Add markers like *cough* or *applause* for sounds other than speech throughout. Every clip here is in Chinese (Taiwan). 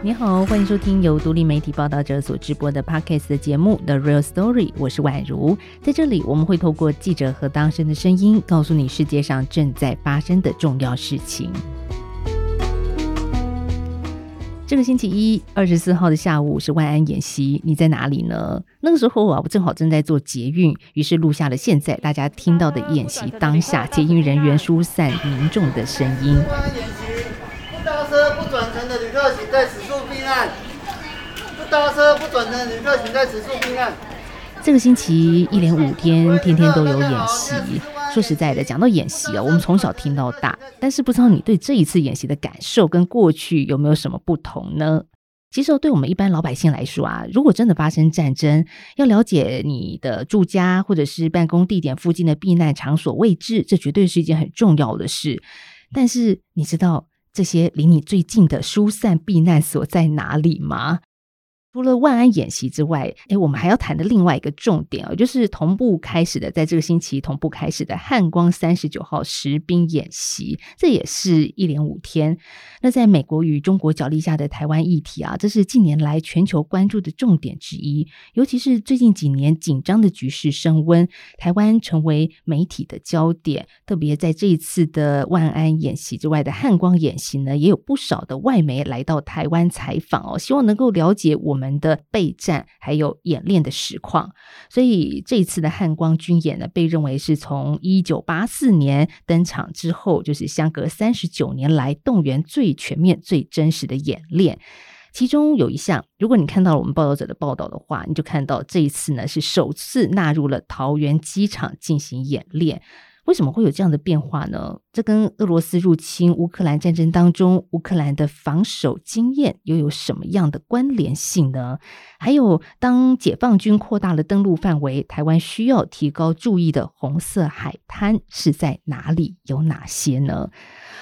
你好，歡迎收聽由獨立媒體報導者所直播的 Podcast 的節目《The Real Story》。我是婉如，在這裡我們會透過記者和當事人的聲音，告訴你世界上正在發生的重要事情。這個星期一二十四號的下午是萬安演習，你在哪裡呢？那個時候啊，我正好正在做捷運，於是錄下了現在大家聽到的演習當下捷運人員疏散民眾的聲音。萬安演習，不搭車不轉乘的旅客請在此。這這個星期一連五天，天天都有演習。說實在的，講到演習啊，我們從小聽到大，但是不知道你對這一次演習的感受跟過去有沒有什麼不同呢？其實，對我們一般老百姓來說啊，如果真的發生戰爭，要了解你的住家或者是辦公地點附近的避難場所位置，這絕對是一件很重要的事。但是，你知道這些離你最近的疏散避難所在哪裡嗎？除了萬安演習之外，誒，我們還要談的另外一個重點哦，就是同步開始的，在這個星期同步開始的漢光三十九號實兵演習，這也是一連五天。那在美國與中國角力下的台灣議題啊，這是近年來全球關注的重點之一，尤其是最近幾年緊張的局勢升溫，台灣成為媒體的焦點。特別在這一次的萬安演習之外的漢光演習呢，也有不少的外媒來到台灣採訪哦，希望能夠了解我們。的備戰還有演練的實況，所以這次的漢光軍演呢，被認為是從一九八四年登場之後，就是相隔三十九年來動員最全面、最真實的演練。其中有一項，如果你看到我們報道者的報道的話，你就看到這一次呢是首次納入了桃園機場進行演練。為什麼會有這樣的變化呢？這跟俄羅斯入侵烏克蘭戰爭當中，烏克蘭的防守經驗又有什麼樣的關聯性呢？還有，當解放軍擴大了登陸範圍，台灣需要提高注意的紅色海灘是在哪裡？有哪些呢？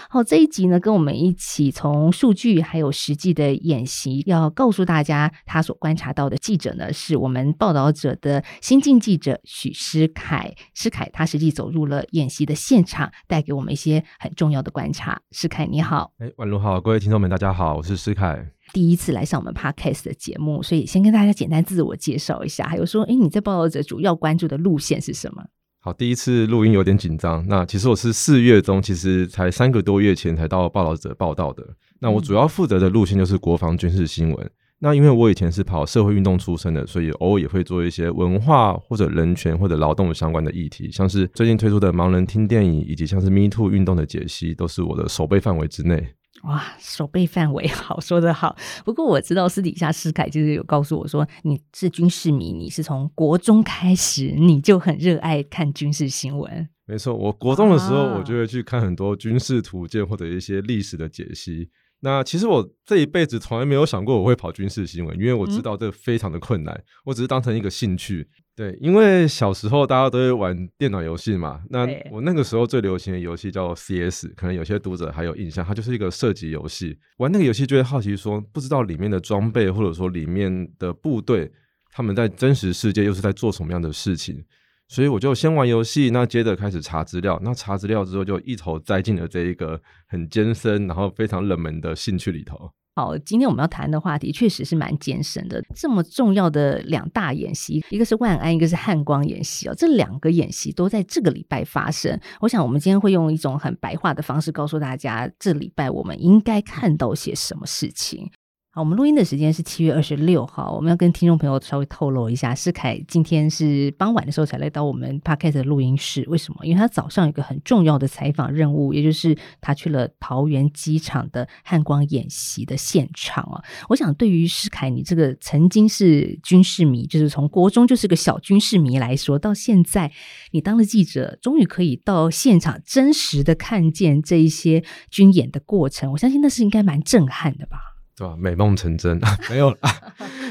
好，這一集呢，跟我們一起從數據還有實際的演習，要告訴大家他所觀察到的記者呢，是我們報導者的新進記者許詩愷。詩愷他實際走入了演習的現場，帶給我們一些很重要的觀察。詩愷你好，哎、欸，婉如好，各位聽眾們大家好，我是詩愷，第一次來上我們 Podcast 的節目，所以先跟大家簡單自我介紹一下。還有說，哎、欸，你在報導者主要關注的路線是什麼？好，第一次錄音有點緊張。那其實我是四月中，其實才三個多月前才到《報道者》報道的。那我主要負責的路線就是國防軍事新聞。那因為我以前是跑社會運動出身的，所以偶爾也會做一些文化或者人權或者勞動相關的議題，像是最近推出的盲人聽電影，以及像是 Me Too 運動的解析，都是我的守備範圍之內。哇，守備範圍好，說得好。不過我知道私底下詩愷就是有告訴我說，你是軍事迷，你是從國中開始你就很熱愛看軍事新聞。沒錯，我國中的時候，我就會去看很多軍事圖鑑或者一些歷史的解析。啊那其實我這一輩子從來沒有想過我會跑軍事新聞，因為我知道這個非常的困難。嗯、我只是當成一個興趣，對，因為小時候大家都會玩電腦遊戲嘛。那我那個時候最流行的遊戲叫 CS，可能有些讀者還有印象，它就是一個射擊遊戲。玩那個遊戲就會好奇說，不知道裡面的裝備或者說裡面的部隊，他們在真實世界又是在做什麼樣的事情。所以我就先玩遊戲，那接着開始查資料。那查資料之後，就一頭栽進了這一個很艱深、然後非常冷門的興趣裡頭。好，今天我們要談的話題確實是蠻艱深的。這麼重要的兩大演習，一個是萬安，一個是漢光演習喔。這兩個演習都在這個禮拜發生。我想，我們今天會用一種很白話的方式告訴大家，這禮拜我們應該看到些什麼事情。好，我們錄音的時間是七月二十六號，我們要跟聽眾朋友稍微透露一下，詩愷今天是傍晚的時候才來到我們 Podcast 的錄音室，為什麼？因為他早上有一個很重要的採訪任務，也就是他去了桃園機場的漢光演習的現場啊。我想對，對於詩愷你這個曾經是軍事迷，就是從國中就是個小軍事迷來說，到現在你當了記者，終於可以到現場真實的看見這一些軍演的過程，我相信那是應該蠻震撼的吧。對吧？美夢成真 *laughs* 沒有了，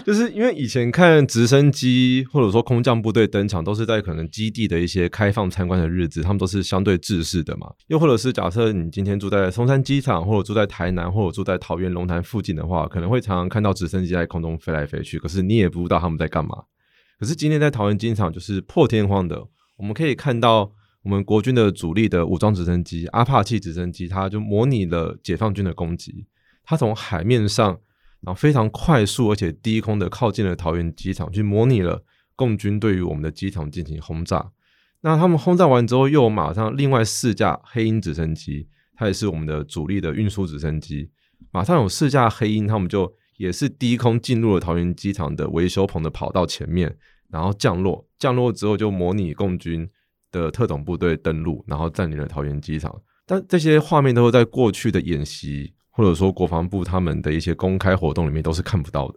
就是因為以前看直升機或者說空降部隊登場，都是在可能基地的一些開放參觀的日子，他們都是相對制式的嘛。又或者是假設你今天住在松山機場，或者住在台南，或者住在桃園龍潭附近的話，可能會常常看到直升機在空中飛來飛去，可是你也不知道他們在幹嘛。可是今天在桃園機場，就是破天荒的，我們可以看到我們國軍的主力的武裝直升機，阿帕契直升機，它就模擬了解放軍的攻擊。他從海面上，然後非常快速而且低空的靠近了桃園機場，去模擬了共軍對於我們的機場進行轟炸。那他們轟炸完之後，又馬上另外四架黑鷹直升機，它也是我們的主力的運輸直升機，馬上有四架黑鷹，他們就也是低空進入了桃園機場的維修棚的跑道前面，然後降落，降落之後就模擬共軍的特種部隊登陸，然後佔領了桃園機場。但這些畫面都是在過去的演習或者說，國防部他們的一些公開活動裡面都是看不到的。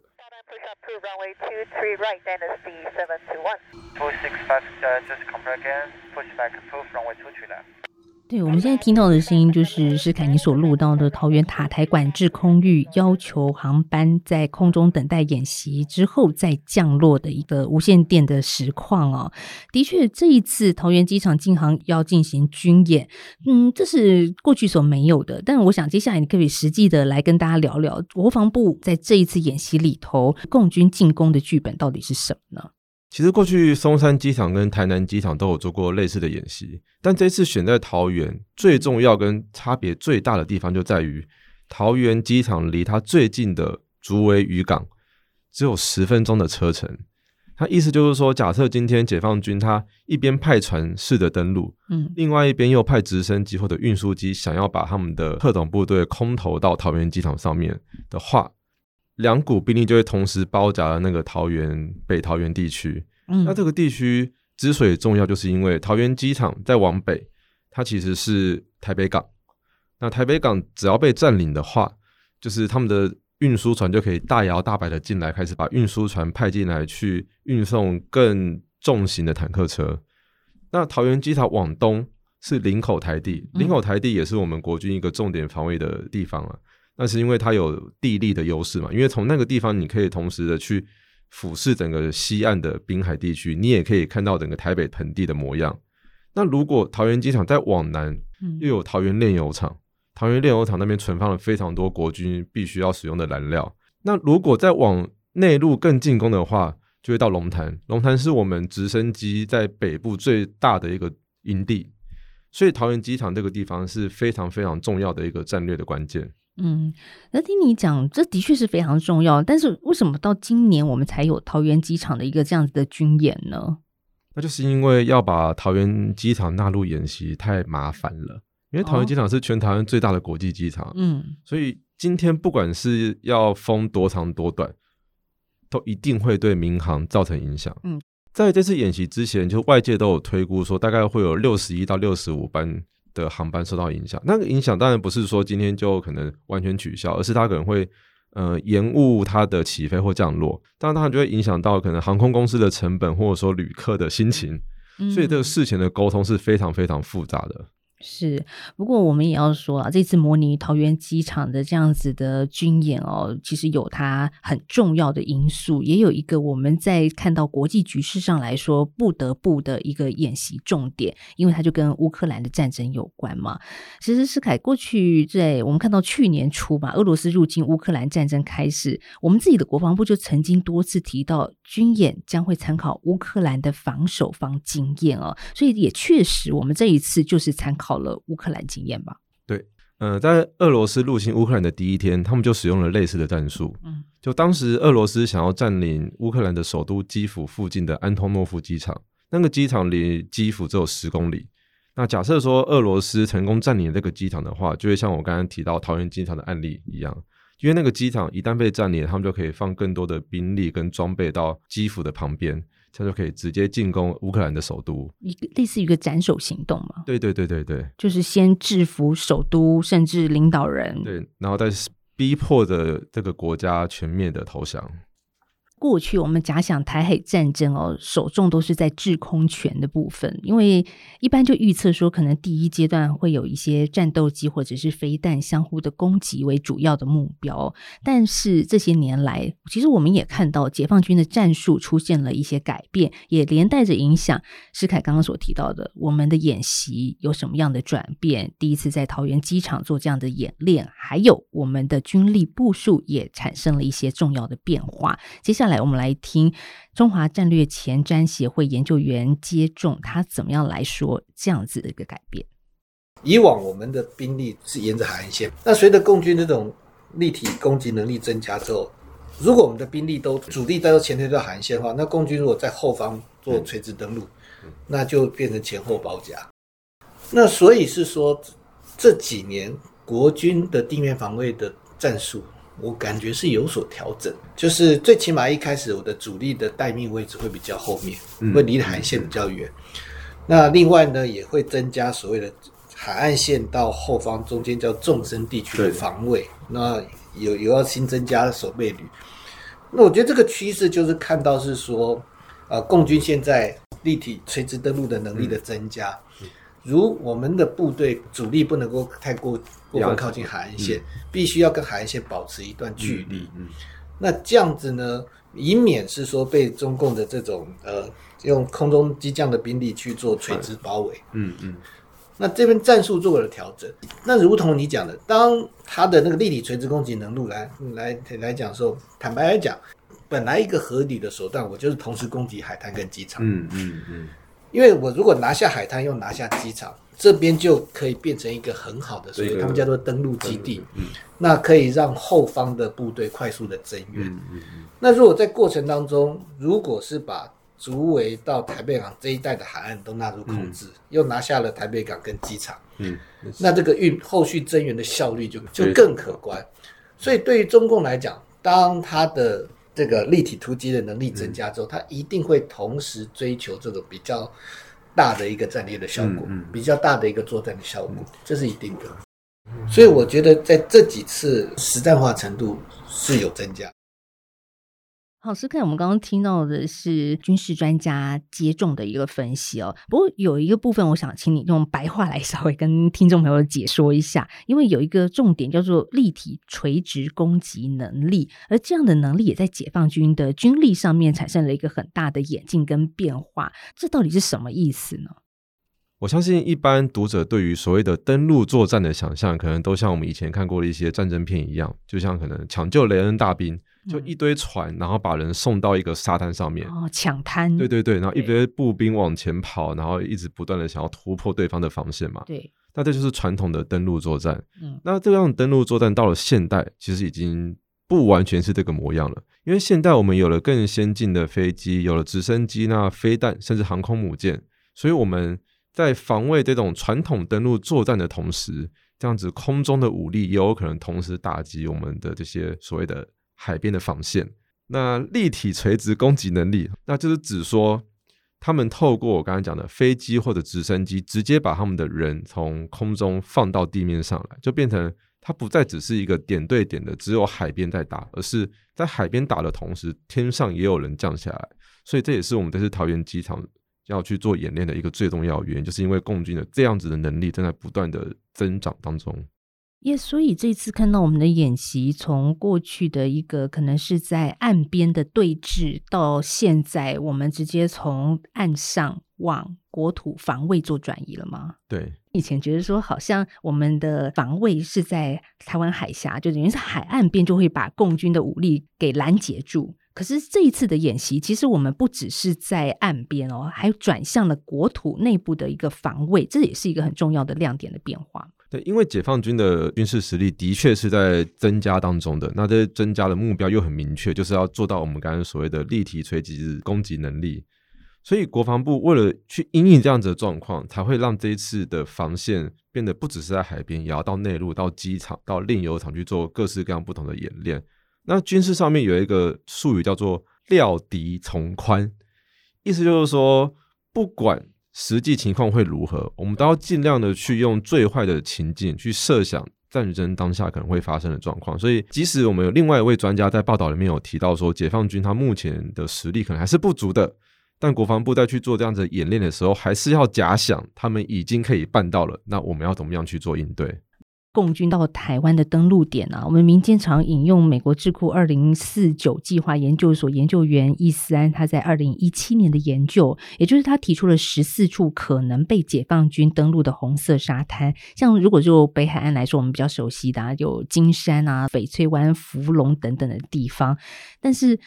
對，我們現在聽到的聲音，就是詩愷所錄到的桃園塔台管制空域，要求航班在空中等待演習之後再降落的一個無線電的實況哦。的確，這一次桃園機場進航要進行軍演，嗯，這是過去所沒有的。但我想接下來你可以實際的來跟大家聊聊國防部在這一次演習裡頭，共軍進攻的劇本到底是什麼呢？其實過去松山機場跟台南機場都有做過類似的演習，但這次選在桃園，最重要跟差別最大的地方就在於，桃園機場離它最近的竹圍漁港只有十分鐘的車程。它意思就是說，假設今天解放軍他一邊派船試着登陸，嗯，另外一邊又派直升機或者運輸機想要把他們的特種部隊空投到桃園機場上面的話。兩股兵力就會同時包夾了那個桃園北桃園地區。嗯、那這個地區之所以重要，就是因為桃園機場再往北，它其實是台北港。那台北港只要被占領的話，就是他們的運輸船就可以大搖大擺的進來，開始把運輸船派進來去運送更重型的坦克車。那桃園機場往東是林口台地，林口台地也是我們國軍一個重點防衛的地方啊。嗯嗯那是因為它有地利的優勢嘛，因為從那個地方，你可以同時的去俯視整個西岸的濱海地區，你也可以看到整個台北盆地的模樣。那如果桃園機場再往南，又有桃園煉油廠，桃園煉油廠那邊存放了非常多國軍必須要使用的燃料。那如果再往內陸更進攻的話，就會到龍潭。龍潭是我們直升機在北部最大的一個營地，所以桃園機場這個地方是非常非常重要的一個戰略的關鍵。嗯，那聽你講，這的確是非常重要。但是為什麼到今年我們才有桃園機場的一個這樣子的軍演呢？那就是因為要把桃園機場納入演習太麻煩了，因為桃園機場是全台灣最大的國際機場哦。嗯，所以今天不管是要封多長多短，都一定會對民航造成影響。嗯，在這次演習之前，就外界都有推估說，大概會有六十一到六十五班。的航班受到影響，那個影響當然不是說今天就可能完全取消，而是它可能會呃延誤它的起飛或降落，當然它就會影響到可能航空公司的成本或者說旅客的心情，所以這個事前的溝通是非常非常複雜的。嗯嗯是，不過我們也要說啊，這次模擬桃園機場的這樣子的軍演哦，其實有它很重要的因素，也有一個我們在看到國際局勢上來說不得不的一個演習重點，因為它就跟烏克蘭的戰爭有關嘛。其實，實，詩愷過去在我們看到去年初嘛，俄羅斯入侵烏克蘭戰爭開始，我們自己的國防部就曾經多次提到軍演將會參考烏克蘭的防守方經驗哦，所以也確實，我們這一次就是參考。好了，烏克蘭經驗吧。對，嗯、呃，在俄羅斯入侵烏克蘭的第一天，他們就使用了類似的戰術。嗯，就當時俄羅斯想要佔領烏克蘭的首都基輔附近的安托諾夫機場，那個機場離基輔只有十公里。那假設說俄羅斯成功佔領那個機場的話，就會像我剛剛提到桃園機場的案例一樣，因為那個機場一旦被佔領，他們就可以放更多的兵力跟裝備到基輔的旁邊。他就，就可以直接進攻烏克蘭的首都，一個類似於一個斬首行動嘛？對對對對對，就是先制服首都，甚至領導人，對，然後再逼迫着這個國家全面的投降。過去我們假想台海戰爭哦，首重都是在制空權的部分，因為一般就預測說，可能第一階段會有一些戰鬥機或者是飛彈相互的攻擊為主要的目標。但是這些年來，其實我們也看到解放軍的戰術出現了一些改變，也連帶着影響。詩愷剛剛所提到的，我們的演習有什麼樣的轉變？第一次在桃園機場做這樣的演練，還有我們的軍力部署也產生了一些重要的變化。接下來，我們來聽中華戰略前瞻協會研究員揭仲他怎麼樣來說這樣子的一個改變。以往我們的兵力是沿着海岸線，那隨着共軍這種立體攻擊能力增加之後，如果我們的兵力都主力在前推到海岸線的話，那共軍如果在後方做垂直登陸，那就變成前後包夾。那所以是說這幾年國軍的地面防衛的戰術。我感覺是有所調整，就是最起碼一開始我的主力的待命位置會比較後面，嗯、會離海岸線比較遠。嗯、那另外呢，也會增加所謂的海岸線到後方中間叫縱深地區的防衛。的那有有要新增加的守備旅。那我覺得這個趨勢就是看到是說，呃，共軍現在立體垂直登陸的能力的增加，嗯、如我們的部隊主力不能夠太過。部分靠近海岸線，嗯、必須要跟海岸線保持一段距離。嗯嗯、那這樣子呢，以免是說被中共的這種呃用空中機降的兵力去做垂直包圍、嗯。嗯嗯。那這邊戰術做了調整。那如同你講的，當他的那個立體垂直攻擊能力來來來講的時候，坦白來講，本來一個合理的手段，我就是同時攻擊海灘跟機場。嗯嗯嗯。嗯嗯因為我如果拿下海灘，又拿下機場，這邊就可以變成一個很好的，所以他們叫做登陸基地。嗯，那可以讓後方的部隊快速的增援。嗯嗯嗯，那如果在過程當中，如果是把竹圍到台北港這一帶的海岸都納入控制，嗯，又拿下了台北港跟機場，嗯，那這個運後續增援的效率就就更可觀。所以對於中共來講，當他的這個立體突擊的能力增加之後，它一定會同時追求這種比較大的一個戰略的效果，比較大的一個作戰的效果，這是一定的。所以我覺得在這幾次實戰化程度是有增加。好，所以我們剛剛聽到的是軍事專家接種的一個分析哦。不過有一個部分，我想請你用白話來稍微跟聽眾朋友解說一下，因為有一個重點叫做立體垂直攻擊能力，而這樣的能力也在解放軍的軍力上面產生了一個很大的演進跟變化。這到底是什麼意思呢？我相信一般讀者對於所謂的登陸作戰的想象，可能都像我們以前看過的一些戰爭片一樣，就像可能搶救雷恩大兵，就一堆船，然後把人送到一個沙灘上面，嗯、哦，搶灘，對對對，然後一堆步兵往前跑，對然後一直不斷的想要突破對方的防線嘛，對，那這就是傳統的登陸作戰。嗯，那這樣登陸作戰到了現代，其實已經不完全是這個模樣了，因為現代我們有了更先進的飛機，有了直升機、那個、飛彈，甚至航空母艦，所以我們在防衛這種傳統登陸作戰的同時，這樣子空中的武力也有可能同時打擊我們的這些所謂的海邊的防線。那立體垂直攻擊能力，那就是指說他們透過我剛才講的飛機或者直升機，直接把他們的人從空中放到地面上來，就變成它不再只是一個點對點的，只有海邊在打，而是在海邊打的同時，天上也有人降下來。所以這也是我們這次桃園機場。要去做演練的一個最重要原因，就是因為共軍的這樣子的能力正在不斷的增長當中。耶，Yes, 所以這次看到我們的演習，從過去的一個可能是在岸邊的對峙，到現在我們直接從岸上往國土防衛做轉移了嗎？對，以前覺得說好像我們的防衛是在台灣海峽，就等於是海岸邊就會把共軍的武力給攔截住。可是這一次的演習，其實我們不只是在岸邊哦，還轉向了國土內部的一個防衛，這也是一個很重要的亮點的變化。對，因為解放軍的軍事實力的確是在增加當中的，那這增加的目標又很明確，就是要做到我們剛才所謂的立體、垂直的攻擊能力。所以國防部為了去因應這樣子的狀況，才會讓這一次的防線變得不只是在海邊，也要到內陸、到機場、到煉油廠去做各式各樣不同的演練。那軍事上面有一個術語叫做“料敵從寬”，意思就是說，不管實際情況會如何，我們都要儘量的去用最壞的情境去設想戰爭當下可能會發生的狀況。所以，即使我們有另外一位專家在報道裡面有提到說，解放軍他目前的實力可能還是不足的，但國防部在去做這樣子演練的時候，還是要假想他們已經可以辦到了，那我們要怎麼樣去做應對？共軍到台灣的登陸點啊，我們民間常引用美國智庫二零四九計劃研究所研究員易思安，他在二零一七年的研究，也就是他提出了十四處可能被解放軍登陸的紅色沙灘，像如果就北海岸來說，我們比較熟悉的啊，有金山啊、翡翠灣、福隆等等的地方，但是。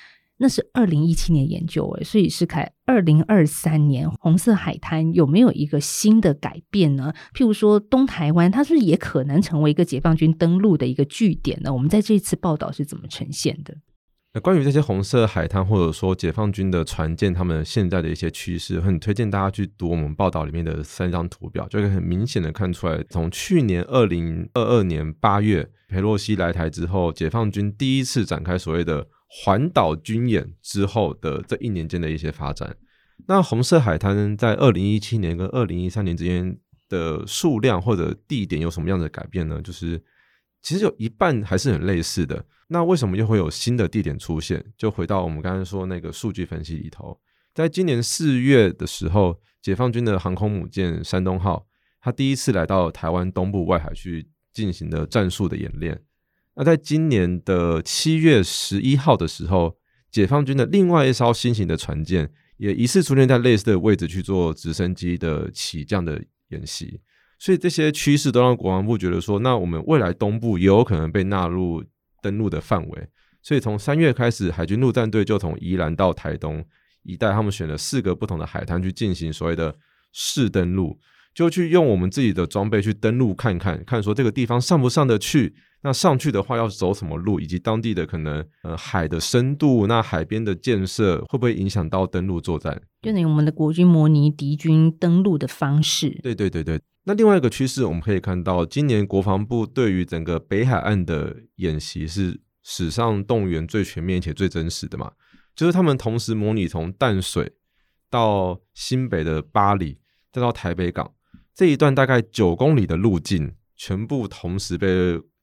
那是二零一七年研究哎，所以是看二零二三年紅色海灘有沒有一個新的改變呢？譬如說，東台灣，它是不是也可能成為一個解放軍登陸的一個據點呢？我們在這次報道是怎麼呈現的？那關於這些紅色海灘或者說解放軍的船艦，他們現在的一些趨勢，很推薦大家去讀我們報道裡面的三張圖表，就可以很明顯的看出來，從去年二零二二年八月佩洛西來台之後，解放軍第一次展開所謂的。環島軍演之後，的這一年間的一些發展。那紅色海灘在二零一七年跟二零一三年之間的數量或者地點有什麼樣的改變呢？就是其實有一半還是很類似的。那為什麼又會有新的地點出現？就回到我們剛剛說那個數據分析裡頭，在今年四月的時候，解放軍的航空母艦山東號，它第一次來到台灣東部外海去進行的戰術的演練。那在今年的七月十一號的時候，解放軍的另外一艘新型的船艦也疑似出現在類似的位置去做直升機的起降的演習，所以這些趨勢都讓國防部覺得說，那我們未來東部也有可能被納入登陸的範圍，所以從三月開始，海軍陸戰隊就從宜蘭到台東一帶，他們選了四個不同的海灘去進行所謂的試登陸。就去用我們自己的裝備去登陸看看，看說這個地方上不上得去，那上去的話要走什麼路，以及當地的可能呃海的深度，那海邊的建設會不會影響到登陸作戰？就等於我們的國軍模擬敵軍登陸的方式。對對對對。那另外一個趨勢，我們可以看到，今年國防部對於整個北海岸的演習是史上動員最全面且最真實的嘛，就是他們同時模擬從淡水到新北的八里，再到台北港。這一段大概九公里的路徑，全部同時被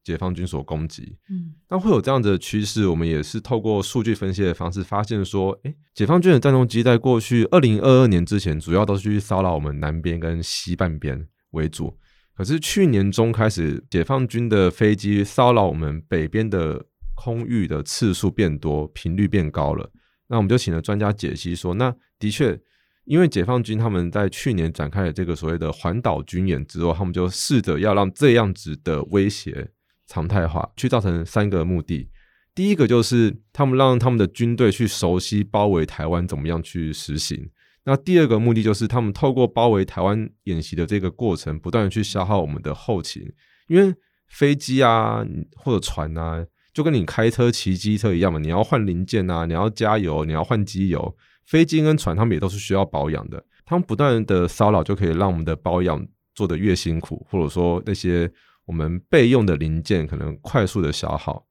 解放軍所攻擊。嗯，那會有這樣的趨勢，我們也是透過數據分析的方式發現說，哎、欸，解放軍的戰鬥機在過去二零二二年之前，主要都是去騷擾我們南邊跟西半邊為主。可是去年中開始，解放軍的飛機騷擾我們北邊的空域的次數變多，頻率變高了。那我們就請了專家解析說，那的確。因為解放軍他們在去年展開了這個所謂的環島軍演之後，他們就試着要讓這樣子的威脅常態化，去造成三個目的。第一個就是他們讓他們的軍隊去熟悉包圍台灣怎麼樣去實行。那第二個目的就是他們透過包圍台灣演習的這個過程，不斷去消耗我們的後勤，因為飛機啊或者船啊，就跟你開車騎機車一樣嘛，你要換零件啊，你要加油，你要換機油。飛機跟船，他們也都是需要保養的。他們不斷的騷擾，就可以讓我們的保養做得越辛苦，或者說那些我們備用的零件可能快速的消耗。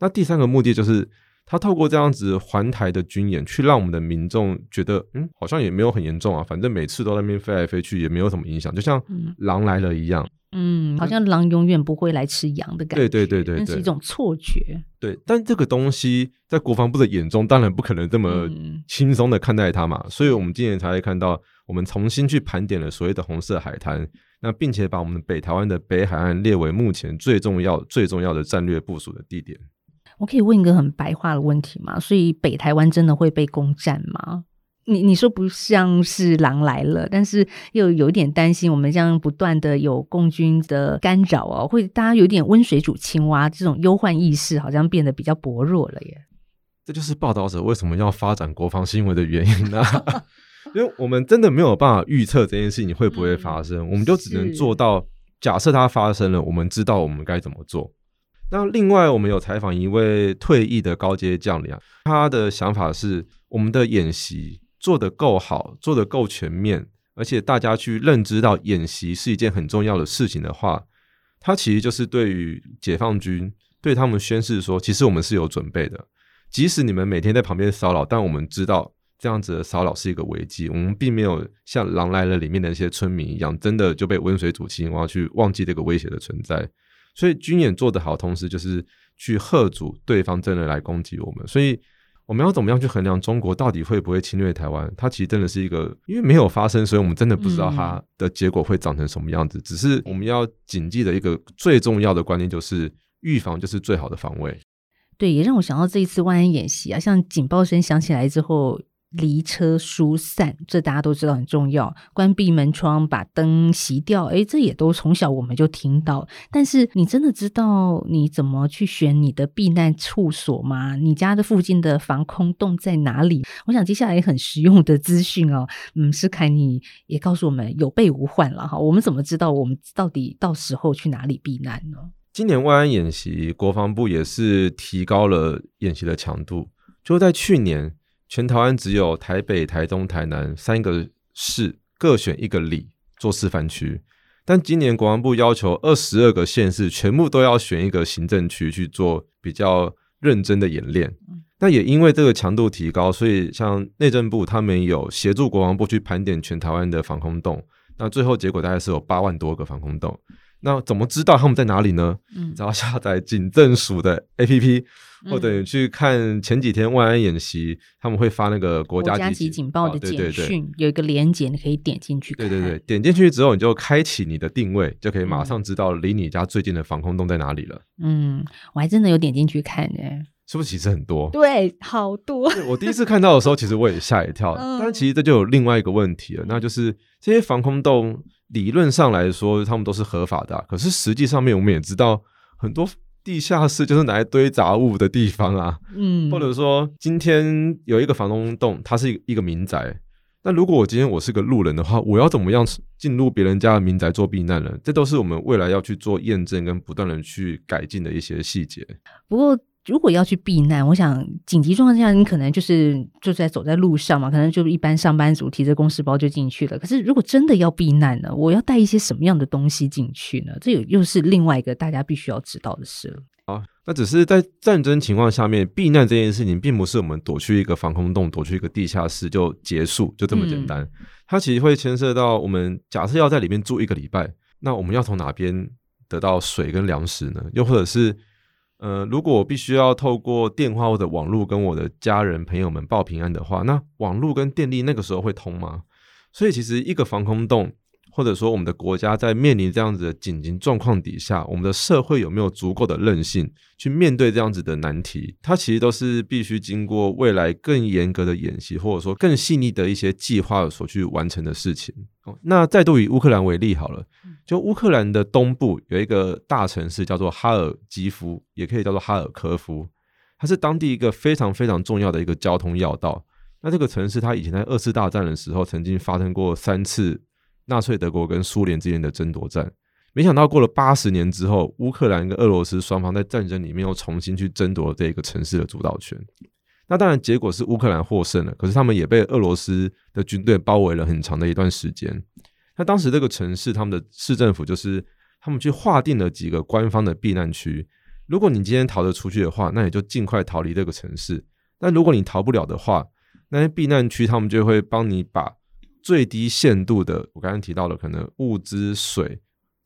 那第三個目的就是，他透過這樣子環台的軍演，去讓我們的民眾覺得，嗯，好像也沒有很嚴重啊，反正每次都在那邊飛來飛去，也沒有什麼影響，就像狼來了一樣。嗯嗯，好像狼永遠不會來吃羊的感覺。嗯、對，對對對對，那是一種錯覺。對，但這個東西在國防部的眼中，當然不可能這麼輕鬆的看待它嘛。嗯、所以我們今年才會看到，我們重新去盤點了所謂的紅色海灘，那並且把我們北台灣的北海岸列為目前最重要最重要的戰略部署的地點。我可以問一個很白話的問題嗎？所以北台灣真的會被攻占嗎？你你說不像是狼來了，但是又有點擔心，我們這樣不斷的有共軍的干擾哦，會大家有點溫水煮青蛙，這種憂患意識好像變得比較薄弱了耶。這就是報道者為什麼要發展國防新聞的原因呢、啊、 *laughs* 因為我們真的沒有辦法預測這件事情會不會發生，嗯、我們就只能做到假設它發生了，我們知道我們該怎麼做。是那另外，我們有採訪一位退役的高階將領，他的想法是我們的演習做得夠好，做得夠全面，而且大家去認知到演習是一件很重要的事情的話，它其實就是對於解放軍對他們宣示說，其實我們是有準備的，即使你們每天在旁邊騷擾，但我們知道這樣子的騷擾是一個危機，我們並沒有像《狼來了》裡面的那些村民一樣，真的就被溫水煮青蛙去忘記這個威脅的存在。所以軍演做得好，同時就是去嚇阻對方真的來攻擊我們。所以。我們要怎麼樣去衡量中國到底會不會侵略台灣？它其實真的是一個，因為沒有發生，所以我們真的不知道它的結果會長成什麼樣子。嗯、只是我們要謹記的一個最重要的觀念就是，預防就是最好的防衛。對，也讓我想到這一次萬安演習啊，像警報聲響起來之後。離車疏散，這大家都知道很重要。關閉門窗，把燈熄掉，哎、欸，這也都從小我們就聽到。但是，你真的知道你怎麼去選你的避難處所嗎？你家的附近的防空洞在哪裡？我想接下來很實用的資訊啊，嗯，詩愷你也告訴我們有備無患了哈。我們怎麼知道我們到底到時候去哪裡避難呢？今年萬安演習，國防部也是提高了演習的強度，就在去年，全台灣只有台北、台中、台南三個市各選一個里做示範區，但今年國防部要求二十二個縣市全部都要選一個行政區去做比較認真的演練。那、嗯、也因為這個強度提高，所以像內政部他們有協助國防部去盤點全台灣的防空洞，那最後結果大概是有八萬多個防空洞。那怎麼知道他們在哪裡呢？嗯，只要下載警政署的 APP，或者你去看前幾天萬安演習，他們會發那個國家級警報的簡訊，有一個連結你可以點進去看。對對對，點進去之後你就開啟你的定位，就可以馬上知道離你家最近的防空洞在哪裡了。嗯，我還真的有點進去看誒，是不是其實很多？對，好多。我第一次看到的時候，其實我也嚇一跳。嗯，但其實這就有另外一個問題了，那就是這些防空洞。理論上來說，他們都是合法的啊。可是實際上面，我們也知道很多地下室就是拿來堆雜物的地方啊。嗯，或者說今天有一個防空洞，它是一個民宅。那如果我今天我是個路人的話，我要怎麼樣進入別人家的民宅做避難呢？這都是我們未來要去做驗證跟不斷的去改進的一些細節。不過。如果要去避難，我想緊急狀況下，你可能就是就在走在路上嘛，可能就一般上班族提着公事包就進去了。可是，如果真的要避難呢，我要帶一些什麼樣的東西進去呢？這又又是另外一個大家必須要知道的事了。了好，那只是在戰爭情況下面，避難這件事情，並不是我們躲去一個防空洞、躲去一個地下室就結束，就這麼簡單。嗯。它其實會牽涉到我們假設要在裡面住一個禮拜，那我們要從哪邊得到水跟糧食呢？又或者是？呃，如果我必須要透過電話或者網絡跟我的家人朋友們報平安的話，那網絡跟電力那個時候會通嗎？所以其實一個防空洞。或者說，我們的國家在面臨這樣子的緊急狀況底下，我們的社會有沒有足夠的韌性去面對這樣子的難題？它其實都是必須經過未來更嚴格的演習，或者說更細膩的一些計劃所去完成的事情。那再度以烏克蘭為例好了，就烏克蘭的東部有一個大城市叫做哈爾基夫，也可以叫做哈爾科夫，它是當地一個非常非常重要的一個交通要道。那這個城市，它以前在二次大戰的時候曾經發生過三次。納粹德國跟蘇聯之間的爭奪戰，沒想到過了八十年之後，烏克蘭跟俄羅斯雙方在戰爭裡面又重新去爭奪這個城市的主導權。那當然結果是烏克蘭獲勝了，可是他們也被俄羅斯的軍隊包圍了很長的一段時間。那當時這個城市，他們的市政府就是他們去劃定了幾個官方的避難區。如果你今天逃得出去的話，那你就盡快逃離這個城市。但如果你逃不了的話，那些避難區他們就會幫你把。最低限度的，我剛剛提到了，可能物資、水、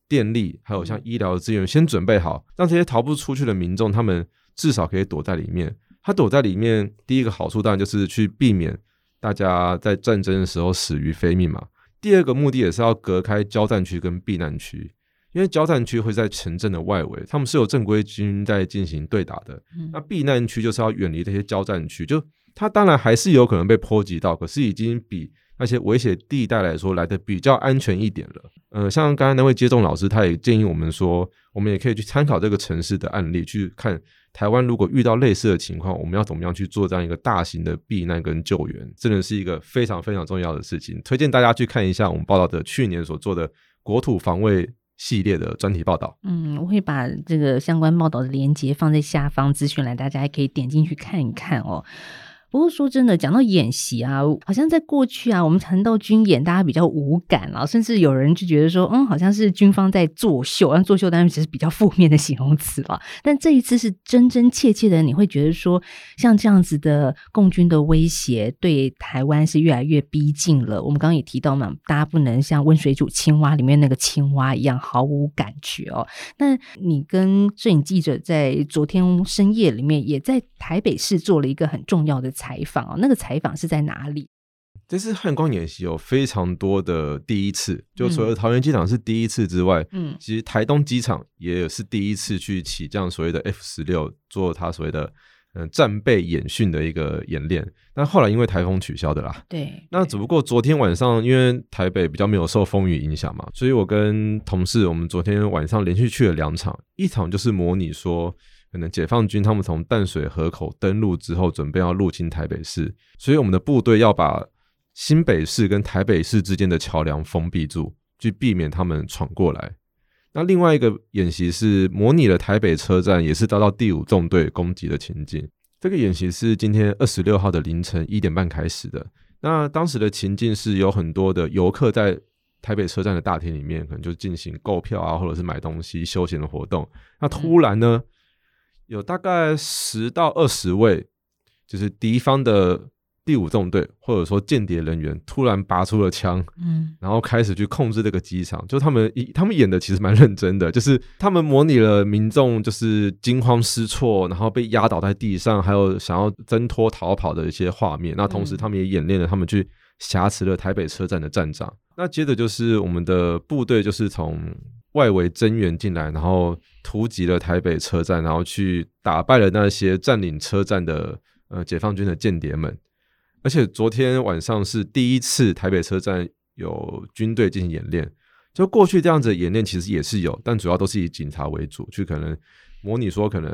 電力，還有像醫療資源先準備好，讓這些逃不出去的民眾，他們至少可以躲在裡面。他躲在裡面，第一個好處當然就是去避免大家在戰爭的時候死於非命嘛。第二個目的也是要隔開交戰區跟避難區，因為交戰區會在城鎮的外圍，他們是有正規軍在進行對打的。嗯、那避難區就是要遠離這些交戰區，就它當然還是有可能被波及到，可是已經比。那些威脅地帶來說，來的比較安全一點了。呃，像剛才那位接種老師，他也建議我們說，我們也可以去參考這個城市的案例，去看台灣如果遇到類似的情況，我們要怎麼樣去做這樣一個大型的避難跟救援，真的是一個非常非常重要的事情。推薦大家去看一下我們報道的去年所做的國土防衛系列的專題報道。嗯，我會把這個相關報道的鏈接放在下方資訊欄，大家也可以點進去看一看哦。不過說真的，講到演習啊，好像在過去啊，我們談到軍演，大家比較無感啊，甚至有人就覺得說，嗯，好像是軍方在作秀，那作秀當然只是比較負面的形容詞啊。但這一次是真真切切的，你會覺得說，像這樣子的共軍的威脅對台灣是越來越逼近了。我們剛剛也提到嘛，大家不能像溫水煮青蛙裡面那個青蛙一樣毫無感覺哦。那你跟攝影記者在昨天深夜裡面，也在台北市做了一個很重要的。採訪哦，那個採訪是在哪裡？這次漢光演習有非常多的第一次，就除了桃園機場是第一次之外，嗯，其實台東機場也是第一次去起這樣所謂的 F 十六做它所謂的嗯、呃、戰備演訓的一個演練。但後來因為台風取消的啦，對。對那只不過昨天晚上因為台北比較沒有受風雨影響嘛，所以我跟同事我們昨天晚上連續去了兩場，一場就是模擬說。可能解放軍他們從淡水河口登陸之後，準備要入侵台北市，所以我們的部隊要把新北市跟台北市之間的橋梁封閉住，去避免他們闖過來。那另外一個演習是模擬了台北車站，也是遭到第五縱隊攻擊的情境。這個演習是今天二十六號的凌晨一點半開始的。那當時的情境是有很多的遊客在台北車站的大廳裡面，可能就進行購票啊，或者是買東西、休閒的活動。那突然呢？嗯有大概十到二十位，就是敵方的第五縱隊，或者說間諜人員，突然拔出了槍，嗯，然後開始去控制這個機場。就他們他們演的其實蠻認真的，就是他們模擬了民眾就是驚慌失措，然後被壓倒在地上，還有想要掙脫逃跑的一些畫面。嗯，那同時，他們也演練了他們去挾持了台北車站的站長。那接着就是我們的部隊，就是從，外圍增援進來，然後突擊了台北車站，然後去打敗了那些占領車站的呃解放軍的間諜們。而且昨天晚上是第一次台北車站有軍隊進行演練，就過去這樣子的演練其實也是有，但主要都是以警察為主，去可能模擬說可能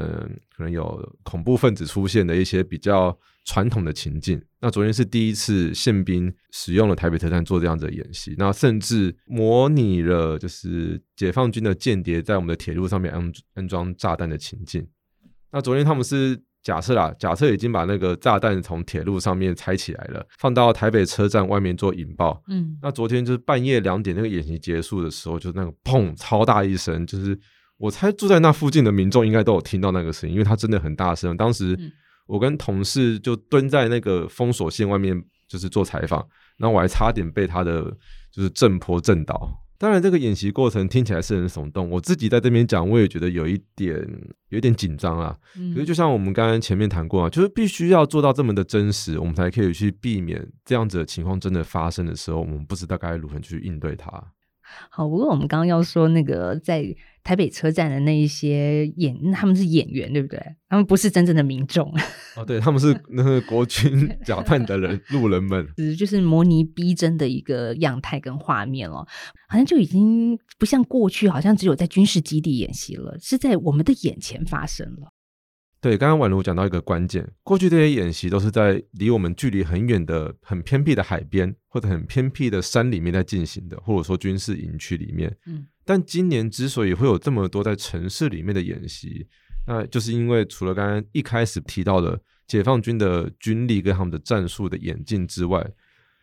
可能有恐怖分子出現的一些比較。傳統的情境，那昨天是第一次憲兵使用了台北車站做這樣子的演習，那甚至模擬了就是解放軍的間諜在我們的鐵路上面安安裝炸彈的情境。那昨天他們是假設啦，假設已經把那個炸彈從鐵路上面拆起來了，放到台北車站外面做引爆。嗯，那昨天就是半夜兩點那個演習結束的時候，就是那個砰，超大一聲，就是我猜住在那附近的民眾應該都有聽到那個聲音，因為它真的很大聲，當時。嗯。我跟同事就蹲在那個封鎖線外面，就是做採訪，然後我還差點被他的就是震波，震倒。當然，這個演習過程聽起來是很聳動，我自己在這邊講，我也覺得有一點有一點緊張啊。嗯、可是就像我們剛剛前面談過啊，就是必須要做到這麼的真實，我們才可以去避免這樣子的情況真的發生的時候，我們不知道該如何去應對它。好，不過我們剛剛要說那個在台北車站的那一些演，他們是演員對不對？他們不是真正的民眾。哦，對，他們是那個國軍假扮的人， *laughs* 路人們，就是模擬逼真的一個樣態跟畫面了。哦，好像就已經不像過去，好像只有在軍事基地演習了，是在我們的眼前發生了。對，剛剛婉如講到一個關鍵，過去這些演習都是在離我們距離很遠的、很偏僻的海邊或者很偏僻的山裡面在進行的，或者說軍事營區裡面。嗯，但今年之所以會有這麼多在城市裡面的演習，那就是因為除了剛剛一開始提到的解放軍的軍力跟他們的戰術的演進之外，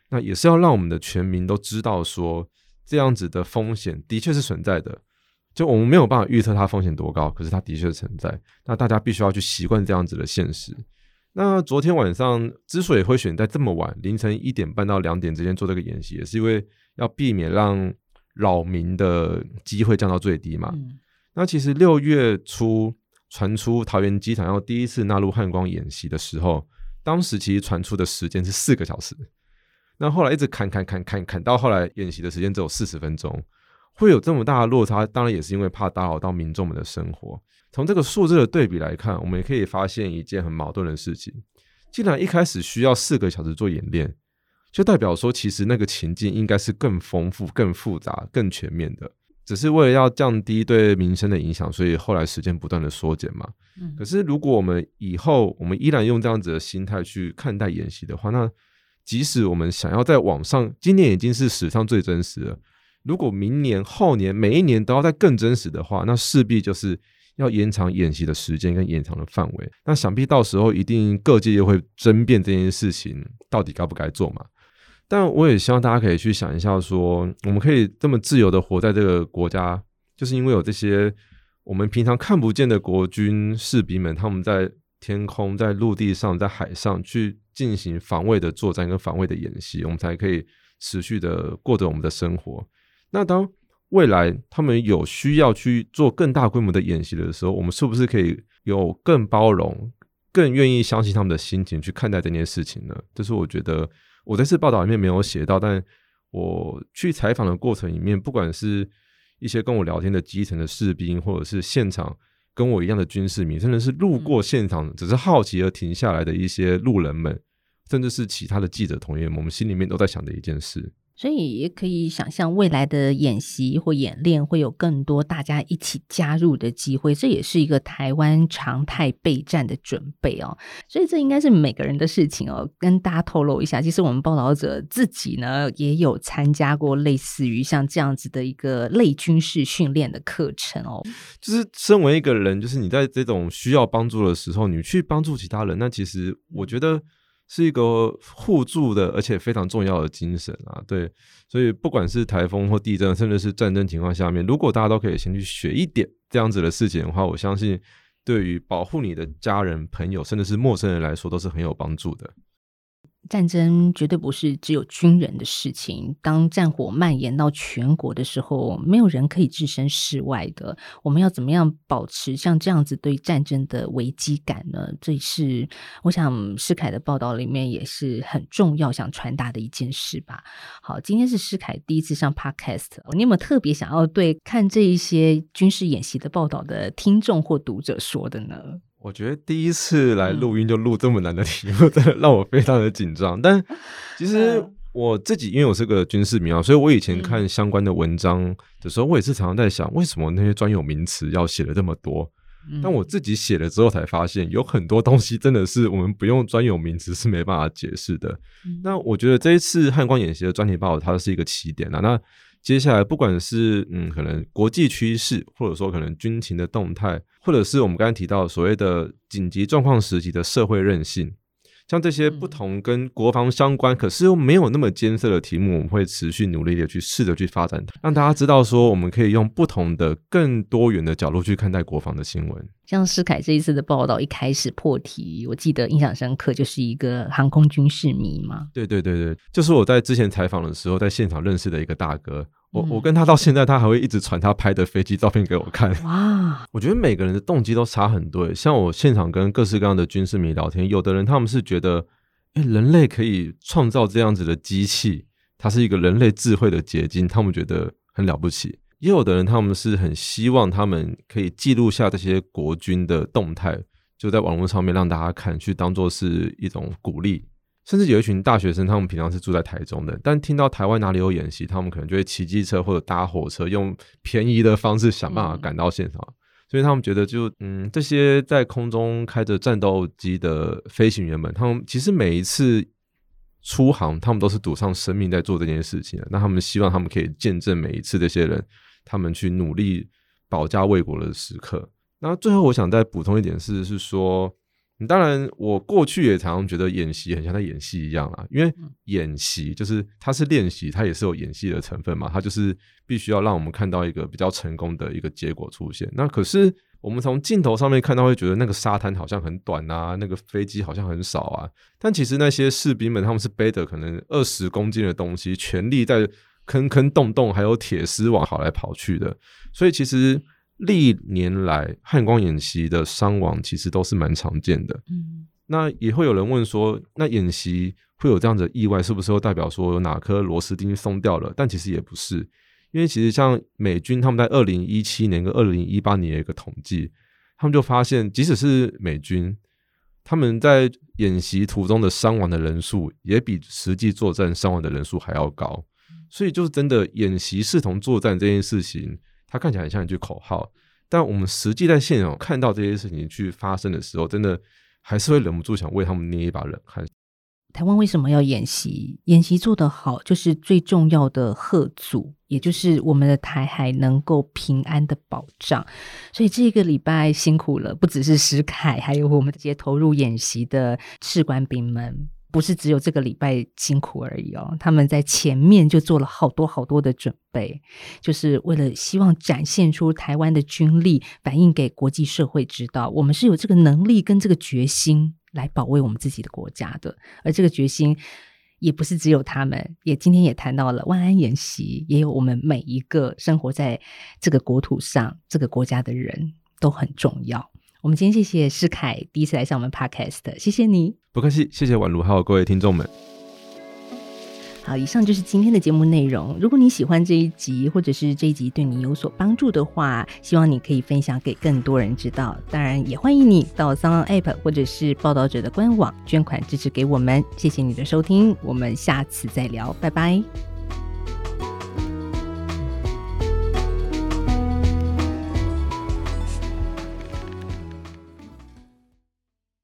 那也是要讓我們的全民都知道說這樣子的風險的確是存在的。就我們沒有辦法預測它風險多高，可是它的確存在。那大家必須要去習慣這樣子的現實。那昨天晚上之所以會選在這麼晚，凌晨一點半到兩點之間做這個演習，也是因為要避免讓擾民的機會降到最低嘛。嗯、那其實六月初傳出桃園機場要第一次納入漢光演習的時候，當時其實傳出的時間是四個小時。那後來一直砍砍砍砍砍，砍到後來演習的時間只有四十分鐘。會有這麼大的落差，當然也是因為怕打擾到民眾們的生活。從這個數字的對比來看，我們也可以發現一件很矛盾的事情，既然一開始需要四個小時做演練，就代表說其實那個情境應該是更豐富、更複雜、更全面的。只是為了要降低對民生的影響，所以後來時間不斷的縮減嘛。嗯。可是，如果我們以後我們依然用這樣子的心態去看待演習的話，那即使我們想要在網上，今年已經是史上最真實了。如果明年、後年每一年都要再更真實的話，那勢必就是要延長演習的時間跟延長的範圍。那想必到時候一定各界又會爭辯這件事情到底該不該做嘛。但我也希望大家可以去想一下說，說我們可以這麼自由的活在這個國家，就是因為有這些我們平常看不見的國軍士兵們，他們在天空、在陸地上、在海上去進行防衛的作戰跟防衛的演習，我們才可以持續的過着我們的生活。那當未來他們有需要去做更大規模的演習的時候，我們是不是可以有更包容、更願意相信他們的心情去看待這件事情呢？這、就是我覺得我這次報道裡面沒有寫到，但我去採訪的過程裡面，不管是一些跟我聊天的基層的士兵，或者是現場跟我一樣的軍事迷，甚至是路過現場只是好奇而停下來的一些路人們，甚至是其他的記者同業，我們心裡面都在想的一件事。所以也可以想象，未來的演習或演練會有更多大家一起加入的機會。這也是一個台灣常態備戰的準備哦。所以這應該是每個人的事情哦，跟大家透露一下，其實我們報道者自己呢也有參加過類似於像這樣子的一個類軍事訓練的課程哦。就是身為一個人，就是你在這種需要幫助的時候，你去幫助其他人，那其實我覺得。是一個互助的，而且非常重要的精神啊。對，所以不管是颱風或地震，甚至是戰爭情況下面，如果大家都可以先去學一點這樣子的事情的話，我相信對於保護你的家人、朋友，甚至是陌生人來說，都是很有幫助的。戰爭絕對不是只有軍人的事情。當戰火蔓延到全國的時候，沒有人可以置身事外的。我們要怎麼樣保持像這樣子對戰爭的危機感呢？這是我想詩愷的報道裡面也是很重要想傳達的一件事吧。好，今天是詩愷第一次上 Podcast，你有沒有特別想要對看這一些軍事演習的報道的聽眾或讀者說的呢？我覺得第一次來錄音就錄這麼難的題目，真的讓我非常的緊張。嗯、但其實我自己，因為我是個軍事迷啊，所以我以前看相關的文章的時候，我也是常常在想，為什麼那些專有名詞要寫的這麼多？但我自己寫了之後才發現，有很多東西真的是我們不用專有名詞是沒辦法解釋的。那我覺得這一次漢光演習的專題報道，它是一個起點啊。那接下來，不管是嗯，可能國際趨勢，或者說可能軍情的動態，或者是我們剛才提到所謂的緊急狀況時期的社會韌性，像這些不同跟國防相關，可是又沒有那麼艱澀的題目，我們會持續努力的去試着去發展它，讓大家知道說，我們可以用不同的、更多元的角度去看待國防的新聞。像詩愷這一次的報道一開始破題，我記得印象深刻，就是一個航空軍事迷嘛。對對對對，就是我在之前採訪的時候，在現場認識的一個大哥，嗯、我我跟他到現在，他還會一直傳他拍的飛機照片給我看。哇，我覺得每個人的動機都差很多。像我現場跟各式各樣的軍事迷聊天，有的人他們是覺得，哎、欸，人類可以創造這樣子的機器，它是一個人類智慧的結晶，他們覺得很了不起。也有的人，他們是很希望他們可以記錄下這些國軍的動態，就在網絡上面讓大家看，去當做是一種鼓勵。甚至有一群大學生，他們平常是住在台中的，但聽到台灣哪裡有演習，他們可能就會騎機車或者搭火車，用便宜的方式想辦法趕到現場。嗯、所以他們覺得就，就嗯，這些在空中開着戰鬥機的飛行員們，他們其實每一次出航，他們都是賭上生命在做這件事情的。那他們希望他們可以見證每一次這些人。他們去努力保家衛國的時刻。那最後我想再補充一點是，是說，當然我過去也常常覺得演習很像在演戲一樣啊，因為演習就是它是練習，它也是有演戲的成分嘛，它就是必須要讓我們看到一個比較成功的一個結果出現。那可是我們從鏡頭上面看到會覺得那個沙灘好像很短啊，那個飛機好像很少啊，但其實那些士兵們他們是背著可能二十公斤的東西，全力在。坑坑洞洞，還有鐵絲網跑來跑去的，所以其實歷年來漢光演習的傷亡其實都是蠻常見的。嗯，那也會有人問說，那演習會有這樣的意外，是不是代表說有哪顆螺絲釘鬆掉了？但其實也不是，因為其實像美軍他們在二零一七年跟二零一八年的一個統計，他們就發現，即使是美軍他們在演習途中的傷亡的人數，也比實際作戰傷亡的人數還要高。所以，就是真的演習視同作戰這件事情，它看起來很像一句口號，但我們實際在現場看到這些事情去發生的時候，真的還是會忍不住想為他們捏一把冷汗。台灣為什麼要演習？演習做得好，就是最重要的嚇阻，也就是我們的台海能夠平安的保障。所以這個禮拜辛苦了，不只是詩愷，還有我們這些投入演習的士官兵們。不是只有這個禮拜辛苦而已哦，他們在前面就做了好多好多的準備，就是為了希望展現出台灣的軍力，反映給國際社會知道，我們是有這個能力跟這個決心來保衛我們自己的國家的。而這個決心，也不是只有他們，也今天也談到了萬安演習，也有我們每一個生活在這個國土上、這個國家的人都很重要。我們今天謝謝詩愷第一次來上我們 Podcast，謝謝你，不客氣，謝謝婉如還有各位聽眾們。好，以上就是今天的節目內容。如果你喜歡這一集，或者是這一集對你有所幫助的話，希望你可以分享給更多人知道。當然，也歡迎你到 SoundOn App 或者是報道者的官網捐款支持給我們。謝謝你的收聽，我們下次再聊，拜拜。